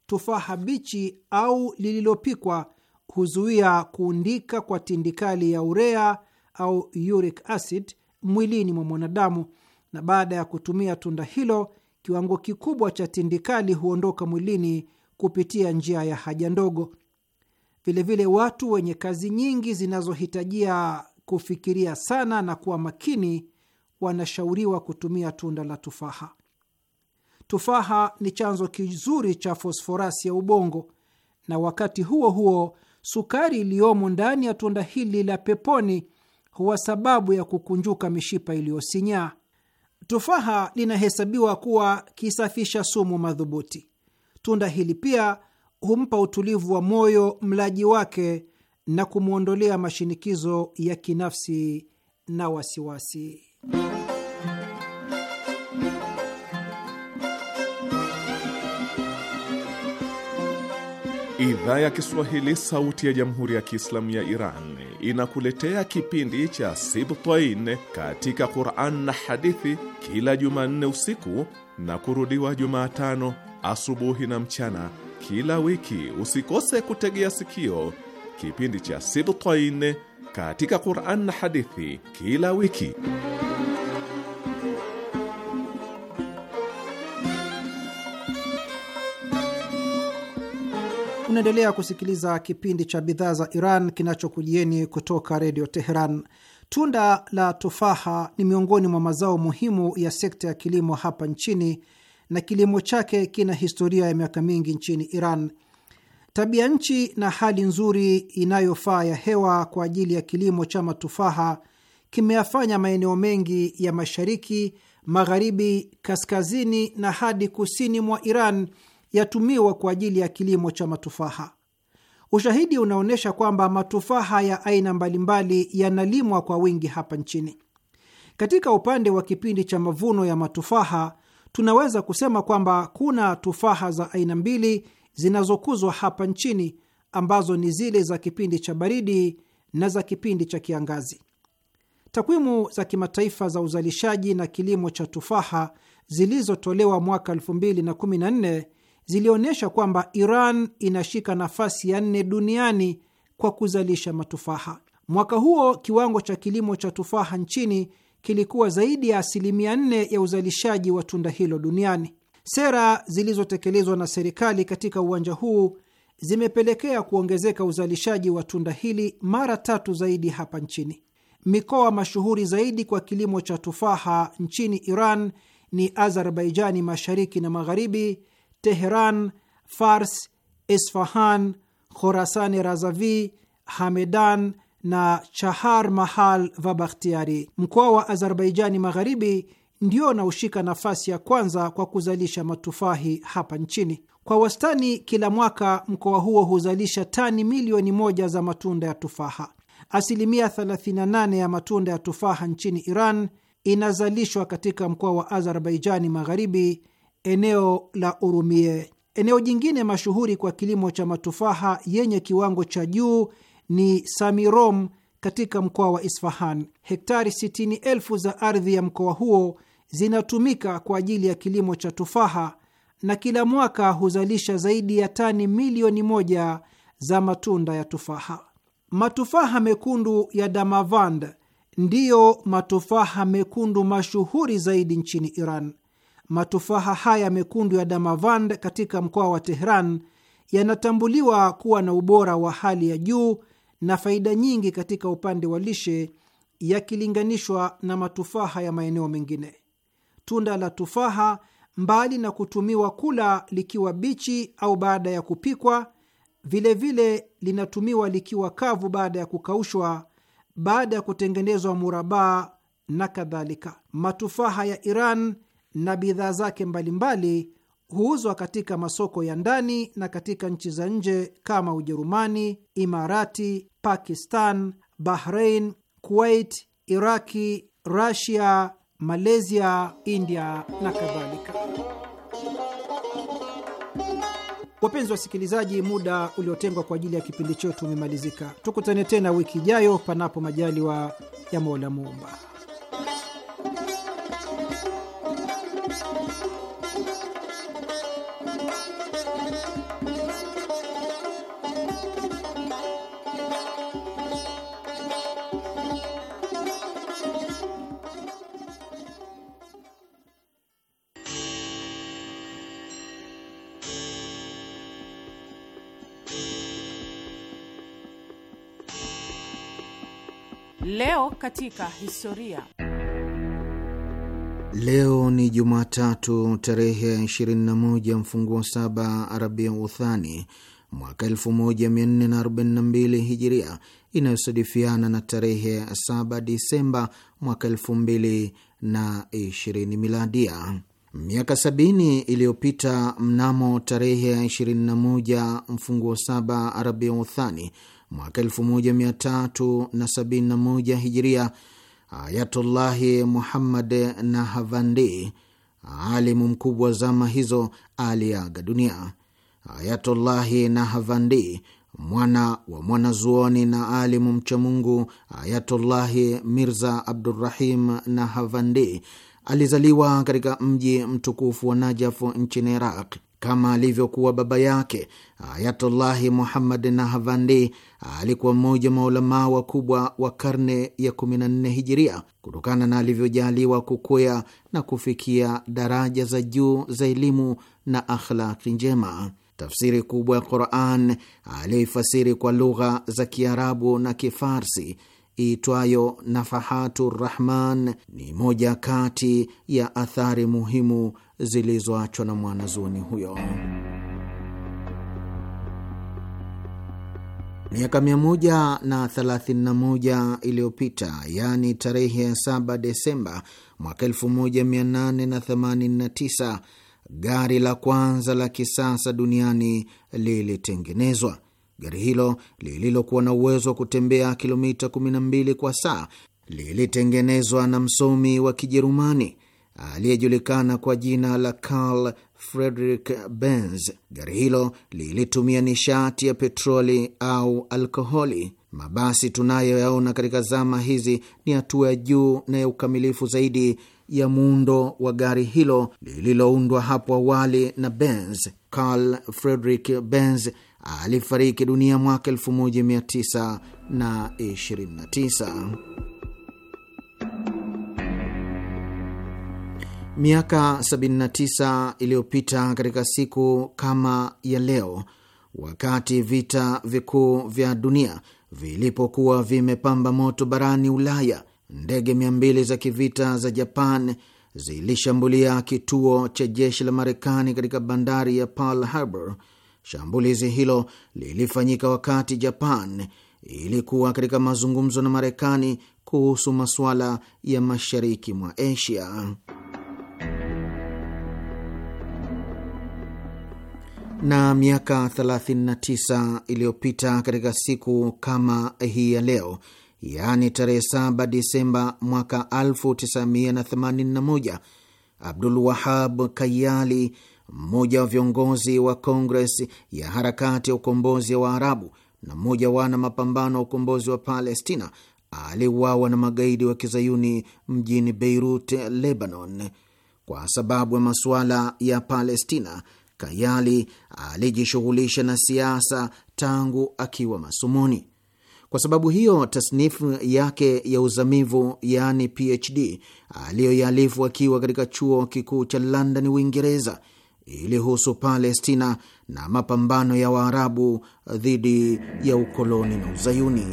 Tufaha bichi au lililopikwa huzuia kuundika kwa tindikali ya urea au uric acid mwilini mwa mwanadamu, na baada ya kutumia tunda hilo kiwango kikubwa cha tindikali huondoka mwilini kupitia njia ya haja ndogo. Vilevile, watu wenye kazi nyingi zinazohitajia kufikiria sana na kuwa makini wanashauriwa kutumia tunda la tufaha. Tufaha ni chanzo kizuri cha fosforasi ya ubongo, na wakati huo huo sukari iliyomo ndani ya tunda hili la peponi huwa sababu ya kukunjuka mishipa iliyosinyaa. Tufaha linahesabiwa kuwa kisafisha sumu madhubuti. Tunda hili pia humpa utulivu wa moyo mlaji wake na kumwondolea mashinikizo ya kinafsi na wasiwasi. Idhaa ya Kiswahili, Sauti ya Jamhuri ya Kiislamu ya Iran inakuletea kipindi cha Sibtain katika Quran na hadithi kila Jumanne usiku na kurudiwa Jumatano asubuhi na mchana kila wiki. Usikose kutegea sikio kipindi cha Sibtain katika Quran na hadithi kila wiki. Unaendelea kusikiliza kipindi cha bidhaa za Iran kinachokujieni kutoka redio Teheran. Tunda la tufaha ni miongoni mwa mazao muhimu ya sekta ya kilimo hapa nchini na kilimo chake kina historia ya miaka mingi nchini Iran. Tabia nchi na hali nzuri inayofaa ya hewa kwa ajili ya kilimo cha matufaha kimeyafanya maeneo mengi ya mashariki, magharibi, kaskazini na hadi kusini mwa Iran yatumiwa kwa ajili ya kilimo cha matufaha. Ushahidi unaonyesha kwamba matufaha ya aina mbalimbali yanalimwa kwa wingi hapa nchini. Katika upande wa kipindi cha mavuno ya matufaha, tunaweza kusema kwamba kuna tufaha za aina mbili zinazokuzwa hapa nchini ambazo ni zile za kipindi cha baridi na za kipindi cha kiangazi. Takwimu za kimataifa za uzalishaji na kilimo cha tufaha zilizotolewa mwaka 2014 zilionyesha kwamba Iran inashika nafasi ya nne duniani kwa kuzalisha matufaha. Mwaka huo kiwango cha kilimo cha tufaha nchini kilikuwa zaidi ya asilimia nne ya uzalishaji wa tunda hilo duniani. Sera zilizotekelezwa na serikali katika uwanja huu zimepelekea kuongezeka uzalishaji wa tunda hili mara tatu zaidi hapa nchini. Mikoa mashuhuri zaidi kwa kilimo cha tufaha nchini Iran ni Azerbaijani mashariki na magharibi, Tehran, Fars, Esfahan, Khorasani Razavi, Hamedan na Chahar Mahal Vabakhtiari. Mkoa wa Azerbaijani Magharibi ndio unaoshika nafasi ya kwanza kwa kuzalisha matufahi hapa nchini. Kwa wastani, kila mwaka mkoa huo huzalisha tani milioni moja za matunda ya tufaha. Asilimia 38 ya matunda ya tufaha nchini Iran inazalishwa katika mkoa wa Azerbaijani Magharibi eneo la Urumie. Eneo jingine mashuhuri kwa kilimo cha matufaha yenye kiwango cha juu ni Samirom katika mkoa wa Isfahan. Hektari sitini elfu za ardhi ya mkoa huo zinatumika kwa ajili ya kilimo cha tufaha na kila mwaka huzalisha zaidi ya tani milioni moja za matunda ya tufaha. Matufaha mekundu ya Damavand ndiyo matufaha mekundu mashuhuri zaidi nchini Iran. Matufaha haya mekundu ya Damavand katika mkoa wa Tehran yanatambuliwa kuwa na ubora wa hali ya juu na faida nyingi katika upande wa lishe yakilinganishwa na matufaha ya maeneo mengine. Tunda la tufaha, mbali na kutumiwa kula likiwa bichi au baada ya kupikwa, vilevile vile linatumiwa likiwa kavu baada ya kukaushwa, baada ya kutengenezwa murabaa na kadhalika. Matufaha ya Iran na bidhaa zake mbalimbali huuzwa katika masoko ya ndani na katika nchi za nje kama Ujerumani, Imarati, Pakistan, Bahrain, Kuwait, Iraki, Rasia, Malaysia, India na kadhalika. Wapenzi wasikilizaji, muda uliotengwa kwa ajili ya kipindi chetu umemalizika. Tukutane tena wiki ijayo, panapo majaliwa ya Mola Muumba. Leo katika historia. Leo ni Jumatatu tarehe 21 mfunguo saba Arabia Uthani mwaka 1442 Hijiria, inayosadifiana na tarehe 7 Disemba mwaka 2020 Miladia. Miaka sabini iliyopita mnamo tarehe 21 mfunguo saba Arabia Uthani mwaka 1371 hijiria, Ayatullahi Muhammad Nahavandi, alimu mkubwa wa zama hizo, aliaga dunia. Ayatullahi Nahavandi, mwana wa mwanazuoni na alimu mchamungu Ayatullahi Mirza Abdurrahim Nahavandi alizaliwa katika mji mtukufu wa Najafu nchini Iraq kama alivyokuwa baba yake Ayatullahi Muhammad Nahavandi alikuwa mmoja maulamaa wakubwa wa karne ya 14 Hijiria, kutokana na alivyojaliwa kukwea na kufikia daraja za juu za elimu na akhlaki njema. Tafsiri kubwa ya Quran aliyoifasiri kwa lugha za Kiarabu na Kifarsi iitwayo Nafahatu Rahman ni moja kati ya athari muhimu zilizoachwa na mwanazuoni huyo. Miaka 131 iliyopita, yaani tarehe ya 7 Desemba mwaka 1889, gari la kwanza la kisasa duniani lilitengenezwa. Gari hilo lililokuwa na uwezo wa kutembea kilomita 12 kwa saa lilitengenezwa na msomi wa Kijerumani aliyejulikana kwa jina la Karl Friedrich Benz. Gari hilo lilitumia nishati ya petroli au alkoholi. Mabasi tunayoyaona katika zama hizi ni hatua ya juu na ya ukamilifu zaidi ya muundo wa gari hilo lililoundwa hapo awali na Benz. Karl Friedrich Benz alifariki dunia mwaka 1929. Miaka 79 iliyopita katika siku kama ya leo, wakati vita vikuu vya dunia vilipokuwa vimepamba moto barani Ulaya, ndege 200 za kivita za Japan zilishambulia kituo cha jeshi la Marekani katika bandari ya Pearl Harbor Shambulizi hilo lilifanyika wakati Japan ilikuwa katika mazungumzo na Marekani kuhusu masuala ya mashariki mwa Asia. Na miaka 39 iliyopita katika siku kama hii ya leo, yaani tarehe 7 Disemba mwaka 1981, Abdul Wahab Kayali mmoja wa viongozi wa Kongres ya harakati ya ukombozi wa Arabu na mmoja wana mapambano wa ukombozi wa Palestina aliuawa na magaidi wa kizayuni mjini Beirut, Lebanon. Kwa sababu ya masuala ya Palestina, Kayali alijishughulisha na siasa tangu akiwa masomoni. Kwa sababu hiyo, tasnifu yake ya uzamivu yaani PhD aliyoialifu akiwa katika chuo kikuu cha London, Uingereza ilihusu Palestina na mapambano ya Waarabu dhidi ya ukoloni na Uzayuni.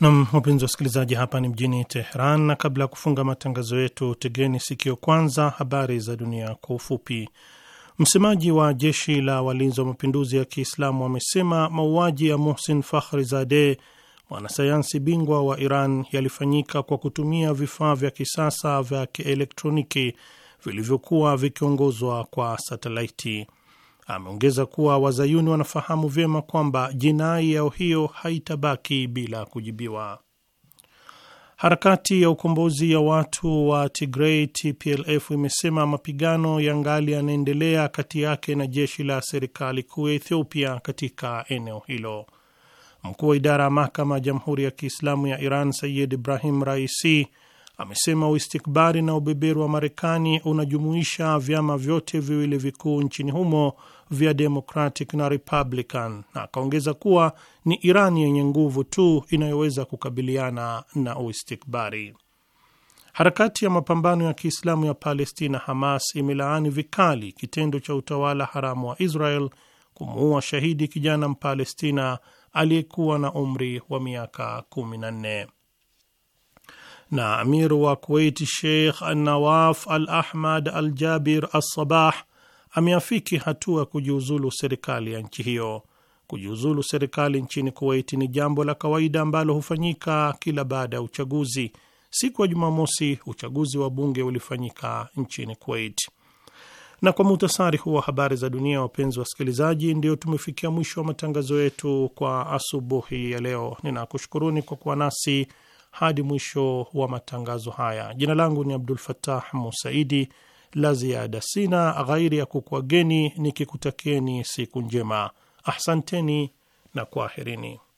Nam, wapenzi wasikilizaji, hapa ni mjini Teheran, na kabla ya kufunga matangazo yetu, tegeni sikio kwanza habari za dunia kwa ufupi. Msemaji wa jeshi la walinzi wa mapinduzi ya Kiislamu amesema mauaji ya Muhsin Fakhrizadeh mwanasayansi bingwa wa Iran yalifanyika kwa kutumia vifaa vya kisasa vya kielektroniki vilivyokuwa vikiongozwa kwa satelaiti. Ameongeza kuwa wazayuni wanafahamu vyema kwamba jinai yao hiyo haitabaki bila kujibiwa. Harakati ya ukombozi ya watu wa Tigray TPLF imesema mapigano ya ngali yanaendelea kati yake na jeshi la serikali kuu ya Ethiopia katika eneo hilo. Mkuu wa idara ya mahakama ya Jamhuri ya Kiislamu ya Iran Sayid Ibrahim Raisi amesema uistikbari na ubeberu wa Marekani unajumuisha vyama vyote viwili vikuu nchini humo vya Democratic na Republican, na akaongeza kuwa ni Iran yenye nguvu tu inayoweza kukabiliana na uistikbari. Harakati ya mapambano ya Kiislamu ya Palestina Hamas imelaani vikali kitendo cha utawala haramu wa Israel kumuua shahidi kijana Mpalestina aliyekuwa na umri wa miaka kumi na amiru wa Kuwait Sheikh Nawaf Al Ahmad Al Jabir Alsabah ameafiki hatua ya kujiuzulu serikali ya nchi hiyo. Kujiuzulu serikali nchini Kuwait ni jambo la kawaida ambalo hufanyika kila baada ya uchaguzi. Siku ya Jumamosi, uchaguzi wa bunge ulifanyika nchini Kuwait. Na kwa muhtasari huu wa habari za dunia, wapenzi wa wasikilizaji, ndio tumefikia mwisho wa matangazo yetu kwa asubuhi ya leo. Ninakushukuruni kwa kuwa nasi hadi mwisho wa matangazo haya. Jina langu ni Abdul fatah Musaidi. La ziada sina ghairi ya kukwageni nikikutakieni siku njema. Ahsanteni na kwaherini.